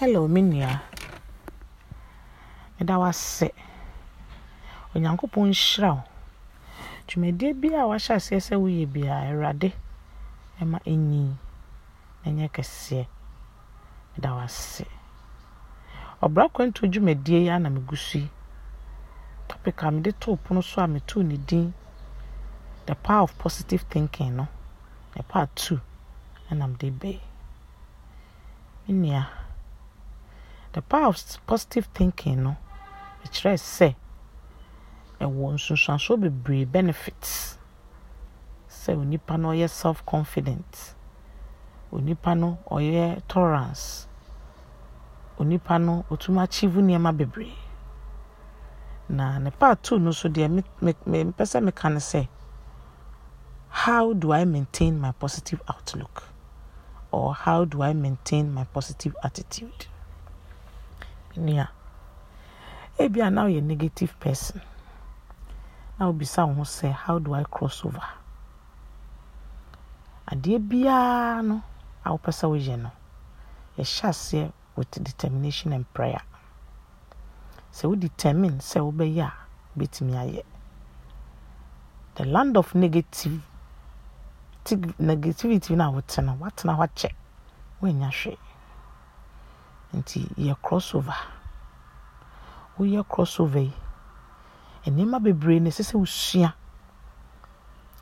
hello me nua meda wase onyankopɔn nhyira wo dwumadie bi a wahyɛ aseɛ sɛ woyɛ biaa awurade ɛma ɛnyin na ɛnyɛ kɛseɛ meda wase ɔbra kwanto dwumadie yi ana megu so yi topic a mede too pono so a metoo ne din the power of positive thinking no ne part two ɛna mede bɛɛ me nua the power of positive thinking no ɛkyerɛ sɛ ɛwɔ nsunsuansoɔ bebree benefits sɛ onipa no ɔyɛ self confident onipa no ɔyɛ tolerance onipa no otum achieve nneɛma bebree na ne part two no so deɛ mepɛ sɛ meka ne sɛ how do i maintain my positive outlook or how do i maintain my positive attitude nua ebi a na woyɛ negative person na wobisa wo ho sɛ how do i cross over adeɛ biara no a wopɛ sɛ woyɛ no yɛhyɛ aseɛ with determination and prayer sɛ wo determine sɛ wobɛyɛ a wobɛtumi ayɛ the land of negative negativity na wotena watena hɔ akyɛ woanya hwee nti yɛ crossover woyɛ crossover yi nneɛma bebree na ɛsɛ sɛ wosua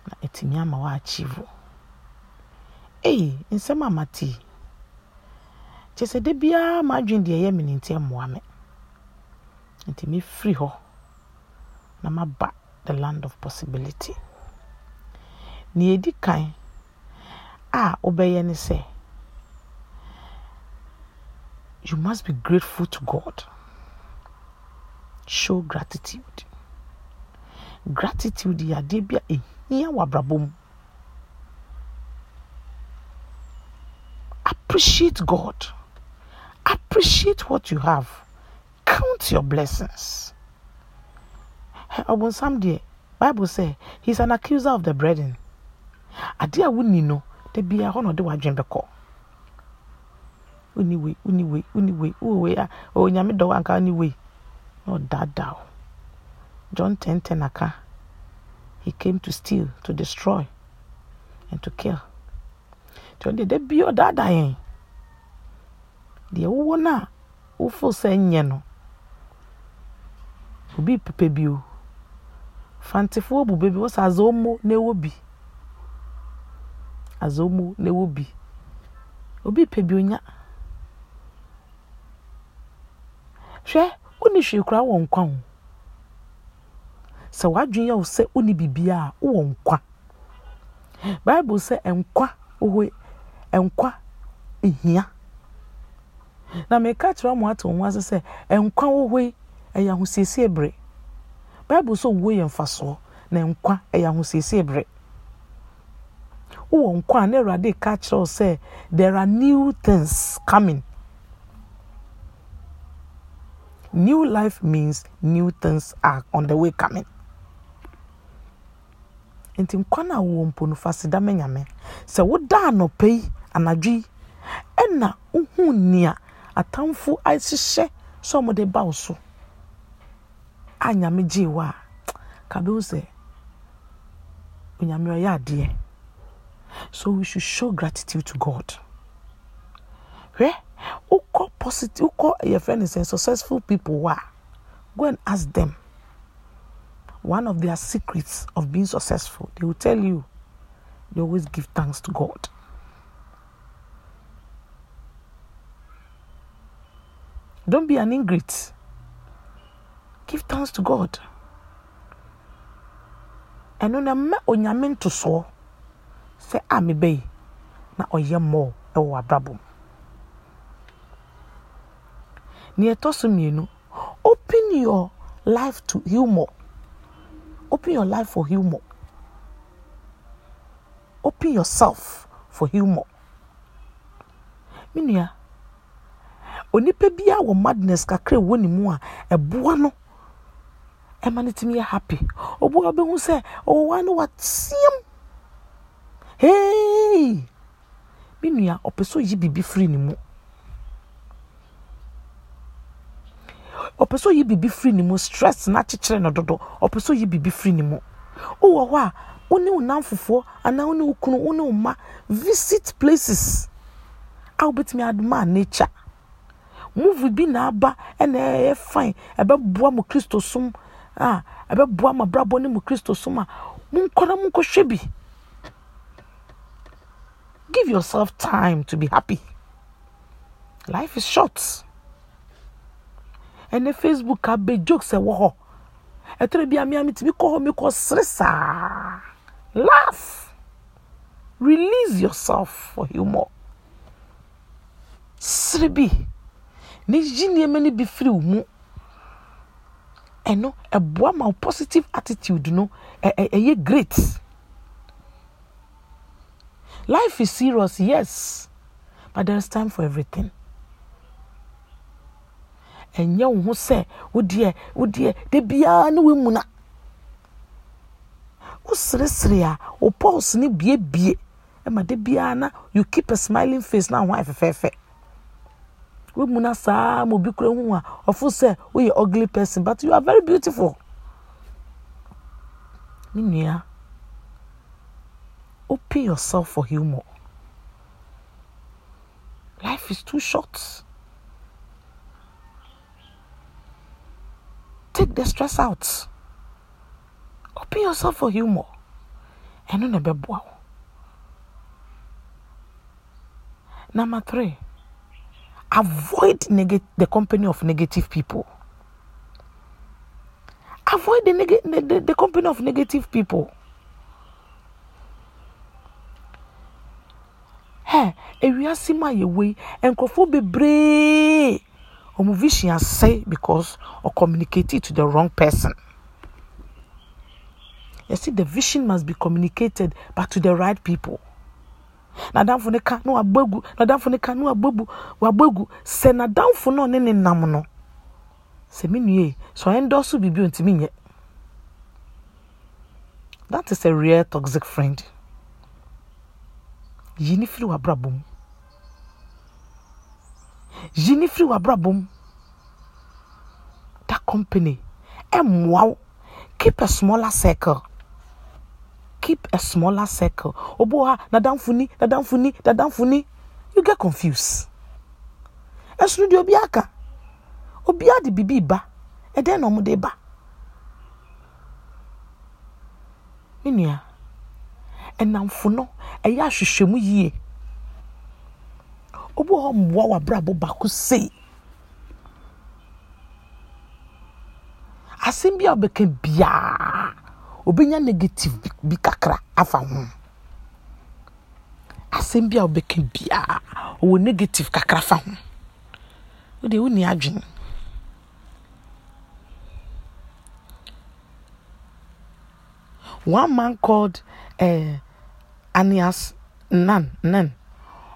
na ɛtumi ama wɔakyiivo ei nsɛm a mate kyɛ sɛ da biara maadwene deɛ ɛyɛ me nti mmoa me nti mefiri hɔ na maba the land of possibility nea ɛdi kan a wobɛyɛ ne sɛ you must be grateful to God. Show gratitude. Gratitude yade in ehia wabrabom. Appreciate God. Appreciate what you have. Count your blessings. Abun deɛ Bible say he's an accuser of the brethren. Adeɛ a wonni no, da bia hɔ na ɔde w'adwene wonni wei wonni wei wonni wei wo wei a onyame dɔ anka wonni wei na ɔdaadaa wo john ten ten aka he came to steal to destroy and to kill nti ɔde da bi ɔdaadaa yɛn deɛ wowɔ no a wofo sɛ nyɛ no obi pepe bi o fantefoɔ bube bi wɔsɛ azɛ omo na ɛwɔ bi azɛ omo na ɛwɔ bi obi pepe bi onya. hwɛ wone hwee koraa wɔ nkwa ho sɛ w'adwene yɛ wo sɛ wone biribiaa wowɔ nkwa bible sɛ nkwa wohɔ nkwa ehia na meka kyerɛ mo ato ho ase sɛ nkwa ɛyɛ ahosiesie bere bible sɛ owuo yɛ mfasoɔ na nkwa ɛyɛ ahosiesie bere wowɔ nkwa a na awurade ka kyerɛ wo sɛ there are new things coming New life means new things are on the way coming. nti nkwa no a wowɔ mpo no fa seda ma nyame sɛ woda anɔpa yi anadwo yi ɛna wohu nea atamfo ahyehyɛ sɛ ɔmode ba so a nyame gyee wo a ka sɛ onyame ɔyɛ adeɛ so we should show gratitude to god hwɛ wokɔ positive call your friend is successful people Why? go and ask them one of their secrets of being successful they will tell you they always give thanks to god don't be an ingrate give thanks to god ɛno ah, na mma oh, onyame ntosoɔ sɛ a mebɛyi na ɔyɛ mo ɛwɔ abrabɔ mu nea ɛtɔ open your life to humor open your life for humor open yourself for humor menua onipa bi wo madness kakre wɔ ne mu a ɛboa no ɛma no tumi yɛ happy ɔboa bɛhu sɛ ɔwɔwa no wateam hei menua ɔpɛ sɛ ɔyi biribi firi ne mu ɔpɛ sɛ ɔyi biribi firi ne mu stress na akyekyere no dodo ɔpɛ sɛ ɔyi biribi firi ne mu wowɔ hɔ a wo ne wo anaa wo wo kunu wo wo ma visit places a wobɛtumi adoma a nature Move bi na aba ɛna ɛyɛ fine ɛbɛboa mo kristo som a ɛbɛboa mo abrabɔ ne mo kristo som a monkɔ na monkɔhwɛ bi give yourself time to be happy life is short ɛne facebook abɛ jokes ɛwɔ hɔ ɛtɔrɔ bi amia mi tìmi kɔ hɔ mi kɔ sere saa laugh release yourself for humor sere bi ne yi nneɛma no bi firi wo mu ɛno ɛboa ma positive attitude no ɛyɛ great life is serious yes but there is time for everything ɛnyɛ wo ho sɛ wodeɛ wodeɛ da biara ne woamu na woseresere a wo pulse no biebie ɛma da biara na you keep a smiling face na ho ayɛ fɛfɛɛfɛ woamu na saa ma obi kora hu a ɔfo sɛ woyɛ ugly person but you are very beautiful me nua open yourself for humor life is too short take the stress out open yourself for humor ɛno na ɛbɛboa number three avoid neg- the company of negative people avoid the, neg- the, the, the company of negative people hɛ ewiase mu a yɛwɔ yi nkurɔfoɔ bebree ɔmo vision asɛe because communicated to the wrong person yɛsi the vision must be communicated but to the right people n'adamfo ne ka na wabɔ egu n'adamfo ne ka na wabɔ egu wabɔ egu sɛ n'adamfo na ɔne ne nam no sɛ mi nue sɛ ɔyɛ ndɔso biribi ontimi nyɛ that is a real toxic friend yi ne firi w'abrabɔ mu yi ne firi w'abrabɔ mu that company ɛmmoa wo keep a smaller circle keep a smaller circle obo ha nadamfo ni nadamfo ni nadamfo ni you get confused ɛsono deɛ obi aka obiara de biribi ba ɛdɛn na ɔmode ba me nua ɛnamfo no ɛyɛ ahwehwɛmu yie. obi wɔ hɔ mmoa w'abrabɔ baako sei asɛm bi a ɔbɛka biaa obɛnya negative bi kakra afa ho asɛm bi a ɔbɛka biaa ɔwɔ negative kakra fa ho wode wonni adwene one man called uh, Anias Nan Nan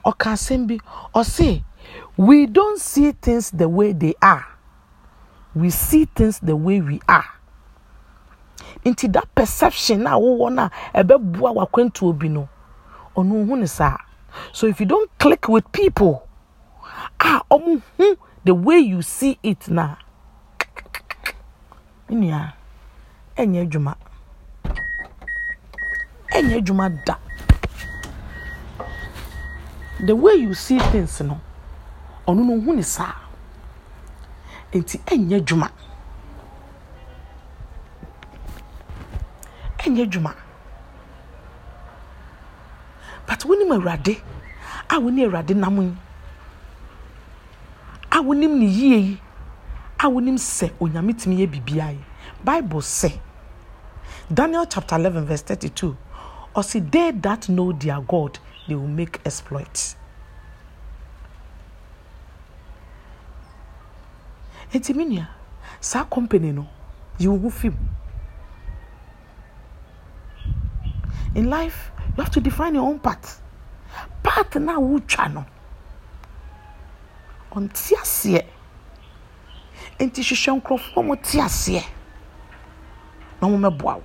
ɔka asɛm bi ɔse we don't see things the way they are we see things the way we are nti that perception na wowɔ no a ɛbɛboa wakwantuo bi no ɔno hu ne saa so if you don't click with people ah, ɔmo hu the way you see it na nnua ɛnyɛ adwuma ɛnyɛ adwuma da the way you see things no ɔno no hu ne saa nti ɛnyɛ adwuma ɛnyɛ adwuma but wonim awurade a woni awurade nam yi a wonim ne yie yi a wonim sɛ onyame tumi yɛ bibia yi bible sɛ daniel chapter eleven verse thirty-two ɔsi they that know their god they will make exploits. Eti minia, saa company no, you will film. In life, you have to define your own path. Path na wotwa no. Ɔnte aseɛ. Nti hwehwɛ nkurɔfoɔ mo te aseɛ. Na wɔn mɛboa wo.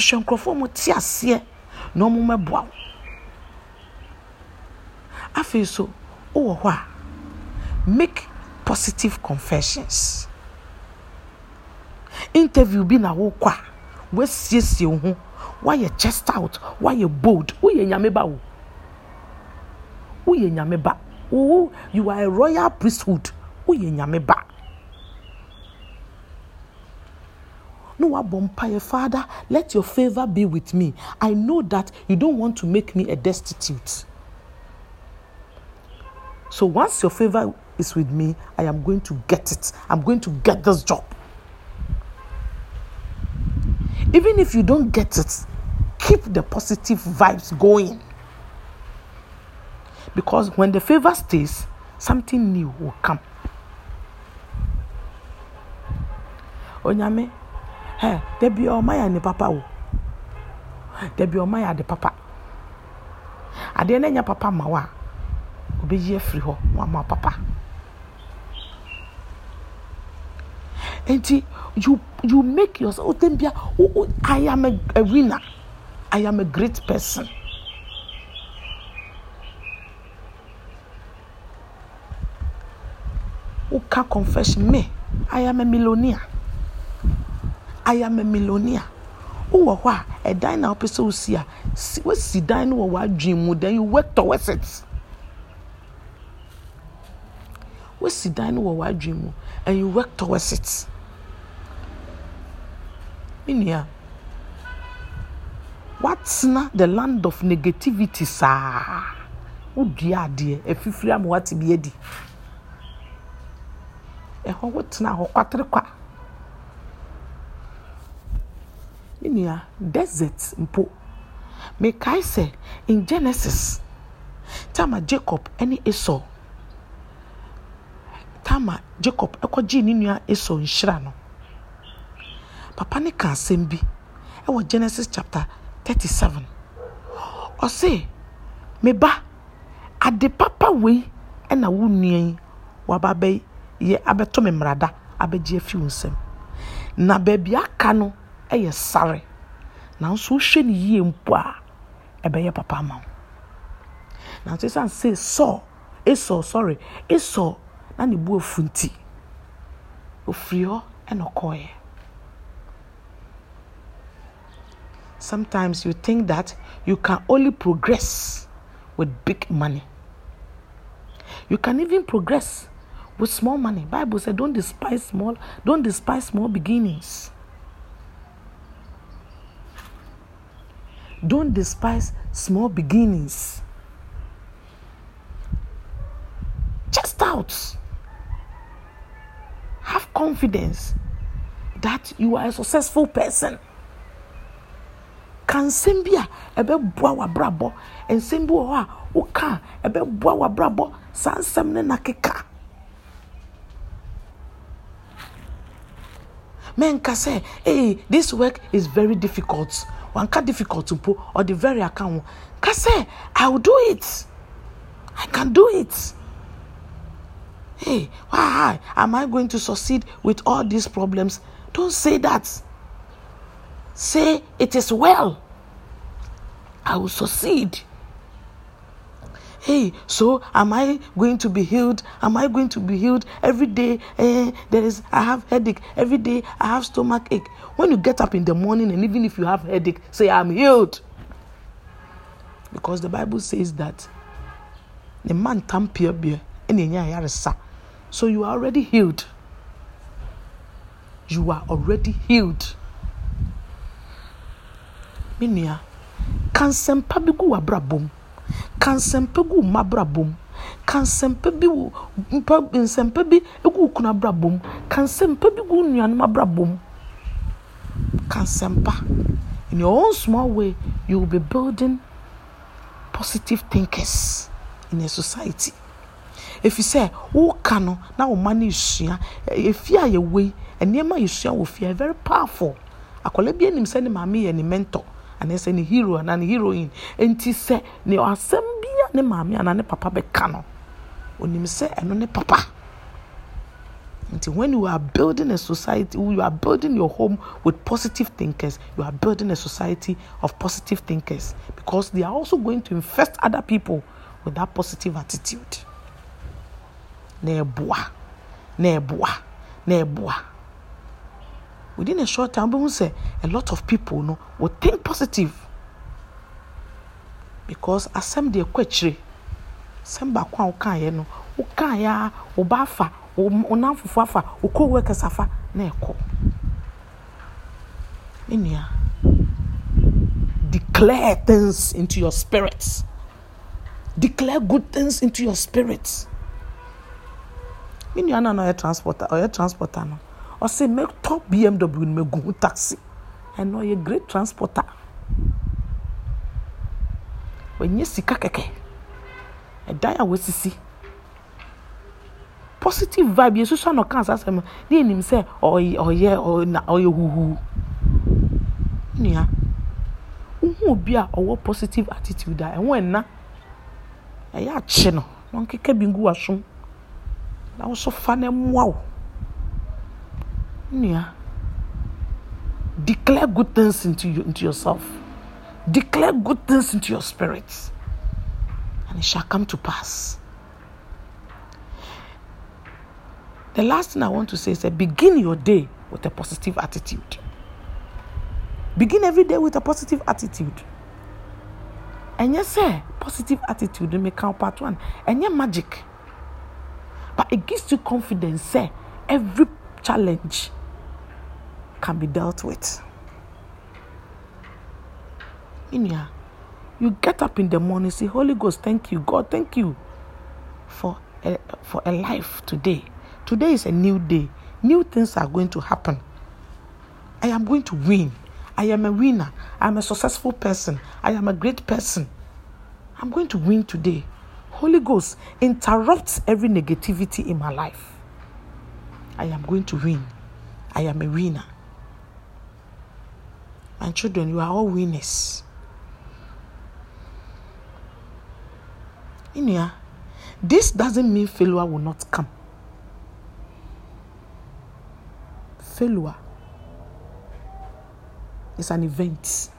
hwehwɛ nkurɔfoɔ mu te aseɛ na wɔn mɛboa wo afei so wowɔ hɔ a make positive confessions interview bi na wokɔ a wasiesie wo ho wayɛ chest out wayɛ bold woyɛ nyame ba wo woyɛ nyame ba wo you are a royal priesthood woyɛ nyame ba Bompire, Father, let your favor be with me. I know that you don't want to make me a destitute. So once your favor is with me, I am going to get it. I'm going to get this job. Even if you don't get it, keep the positive vibes going. Because when the favor stays, something new will come. Onyame, hɛ dabi ɔma yɛ ne papa wo dabi ɔma yɛ ade papa adeɛ no anya papa ma wo a obɛyi afiri hɔ wama papa nti you you make yourself wotam bia i am a, a winner i am a great person woka confession me i am a millionaire I am a millionaire. wowɔ hɔ a ɛdan na wopɛ sɛ wosi a wosi dan no wɔ w'adwen mu then you work towards it wosi dan no wɔ w'adwen mu and you work towards it me nua watena the land of negativity saa wodua adeɛ afifiri ama wate bi adi ɛhɔ wotena hɔ kwatere kwa. me desert mpo mekae sɛ in genesis tama jacob ne esau tama jacob ɛkɔgyee ne nua esau nhyira no papa ne ka asɛm bi ɛwɔ genesis chapter 37 ɔse meba ade papa wei ɛna wo nua yi waba abɛyɛ abɛto me mmarada abɛgye afi wo nsam na baabi aka no ɛyɛ sare nanso wohwɛ ne yie mpo a ɛbɛyɛ papa ama wo nanso ɛsiane sɛ sɔ esɔ sɔre esɔ na ne bu afu nti ofiri hɔ ɛna ɔkɔɔeɛ sometimes you think that you can only progress with big money you can even progress with small money bible said don't despise small don't despise small beginnings Don't despise small beginnings. Just out. Have confidence that you are a successful person. Can sembia ebe bua wa brabo and sembu wa uka ebe bua wa brabo san semne na keka. Men hey, this work is very difficult. wanka difficult mpo ɔde very aka ho ka i will do it i can do it hey why am i going to succeed with all these problems don't say that say it is well i will succeed. hey, so am I going to be healed? Am I going to be healed? Every day eh, there is I have headache. Every day I have stomach ache. When you get up in the morning and even if you have headache, say I'm healed. Because the Bible says that the man tampia beer and so you are already healed. You are already healed. Minia, cancer mpabigu boom ka gu mmabrabɔ mu ka nsɛmpa bi wo mpa nsɛmpa bi egu kuna brabɔ mu ka bi gu nuanom abrabɔ mu ka in your own small way you will be building positive thinkers in a society efi sɛ woka no na wo ma no esua efi a yɛwɔ yi nneɛma a yɛsua wɔ fie very powerful akwadaa bi anim sɛ ne maame yɛ ne mentor anaasɛ ne hero anaa ne heroine nti sɛ ne asɛm ne maame anaa ne papa bɛka no onim sɛ ɛno ne papa when you are building a society you are building your home with positive thinkers you are building a society of positive thinkers because they are also going to infest other people with that positive attitude na ɛboa na ɛboa na ɛboa within a short time we will say a lot of people you know, will think positive because asɛm deɛ kɔ akyire asɛm baako a wokaeɛ no wokaeɛ a wo ba afa wo nam fufu afa wo kowu akasa afa na ɛkɔ me nua declare things into your spirit declare good things into your spirit me nua no na ɔyɛ transporter ɔyɛ transporter no ɔsɛ top bmw no mɛgu ho taxi ɛnna ɔyɛ great transporter. wɔnyɛ sika kɛkɛ ɛdan a wɔsisi positive vibe yɛ soso anɔ kan asase mu ne enim sɛ ɔyɛ ɔyɛ ɔna ɔyɛ huhu nua wohu obi a ɔwɔ positive attitude a ɛho ɛna ɛyɛ akye no na nkeka bi ngu wasom na woso fa na mmoa wo nua declare good things into you into yourself. Declare good things into your spirits, and it shall come to pass. The last thing I want to say is that begin your day with a positive attitude. Begin every day with a positive attitude. And yes, sir, positive attitude may count part one. And yeah, magic. But it gives you confidence, sir. Every challenge can be dealt with. Inya, you get up in the morning, say, Holy Ghost, thank you, God, thank you for a, for a life today. Today is a new day. New things are going to happen. I am going to win. I am a winner. I am a successful person. I am a great person. I'm going to win today. Holy Ghost interrupts every negativity in my life. I am going to win. I am a winner. And children, you are all winners. Inya, this doesn't mean failure will not come. Failure is an event.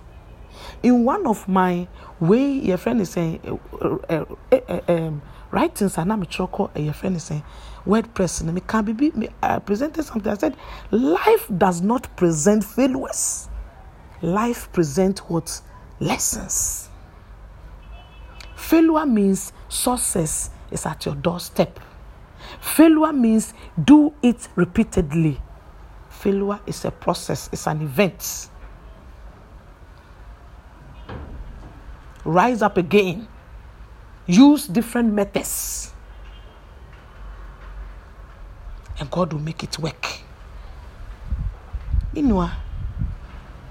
In one of my way, your friend is saying, uh, uh, uh, um, writings, and I'm eh, your friend is saying, WordPress, and I can be, I presented something. I said, life does not present failures. Life presents what? Lessons. Failure means success is at your doorstep. Failure means do it repeatedly. Failure is a process, it's an event. Rise up again. Use different methods. And God will make it work. Meanwhile,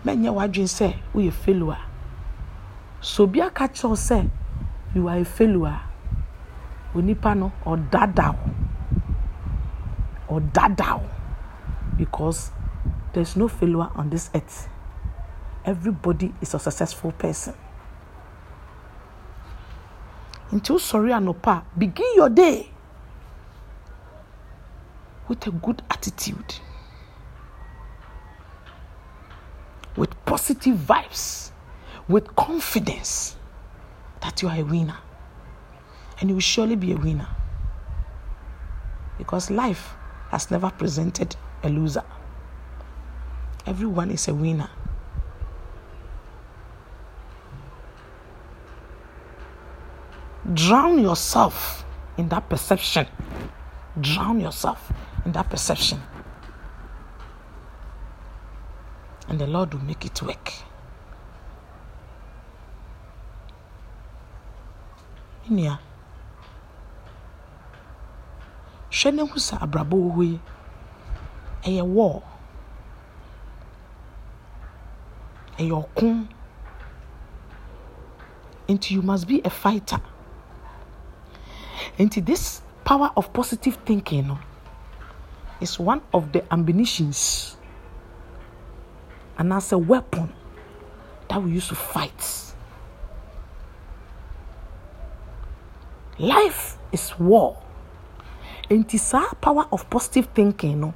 many are watching say, We failure. So be a catch yourself you are a failure onipa no or dadao, because there is no failure on this earth everybody is a successful person nti wosɔre anɔpa begin your day with a good attitude with positive vibes with confidence that you are a winner. And you will surely be a winner. Because life has never presented a loser, everyone is a winner. Drown yourself in that perception. Drown yourself in that perception. And the Lord will make it work. nua hwɛ na hu sɛ abrabɔ wɔ hɔ yi ɛyɛ ɛyɛ ɔko nti you must be a fighter nti this power of positive thinking no is one of the ambitions, and as a weapon that we use to fight. life is war nti saa power of positive thinking no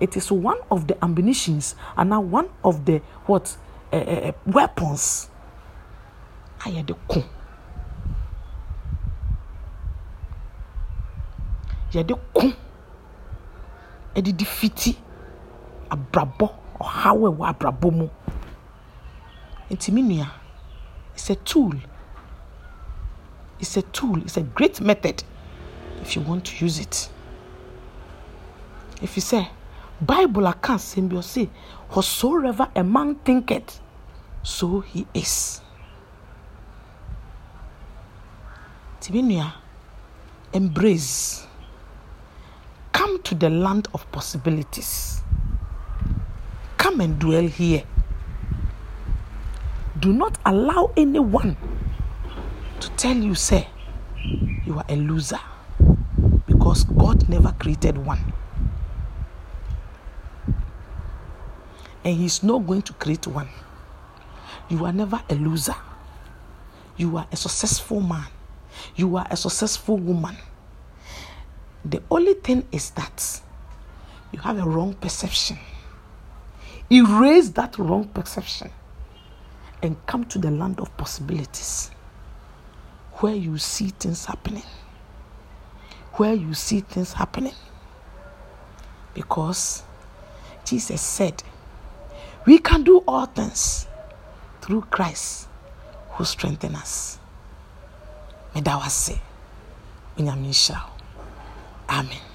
it is one of the ammunitions and na one of the what uh, uh, weapons a yɛde ko yɛde ko ɛde di fiti abrabɔ ɔhaw ɛwɔ abrabɔ mu nti mi nua it's a tool. It's a tool, it's a great method if you want to use it. If you say, Bible I can't say, whatsoever a man thinketh, so he is. Tibinia, embrace. Come to the land of possibilities. Come and dwell here. Do not allow anyone to tell you, sir, you are a loser because God never created one. And He's not going to create one. You are never a loser. You are a successful man. You are a successful woman. The only thing is that you have a wrong perception. Erase that wrong perception and come to the land of possibilities where you see things happening. Where you see things happening. Because Jesus said, We can do all things through Christ who strengthens us. May that was say, Amen.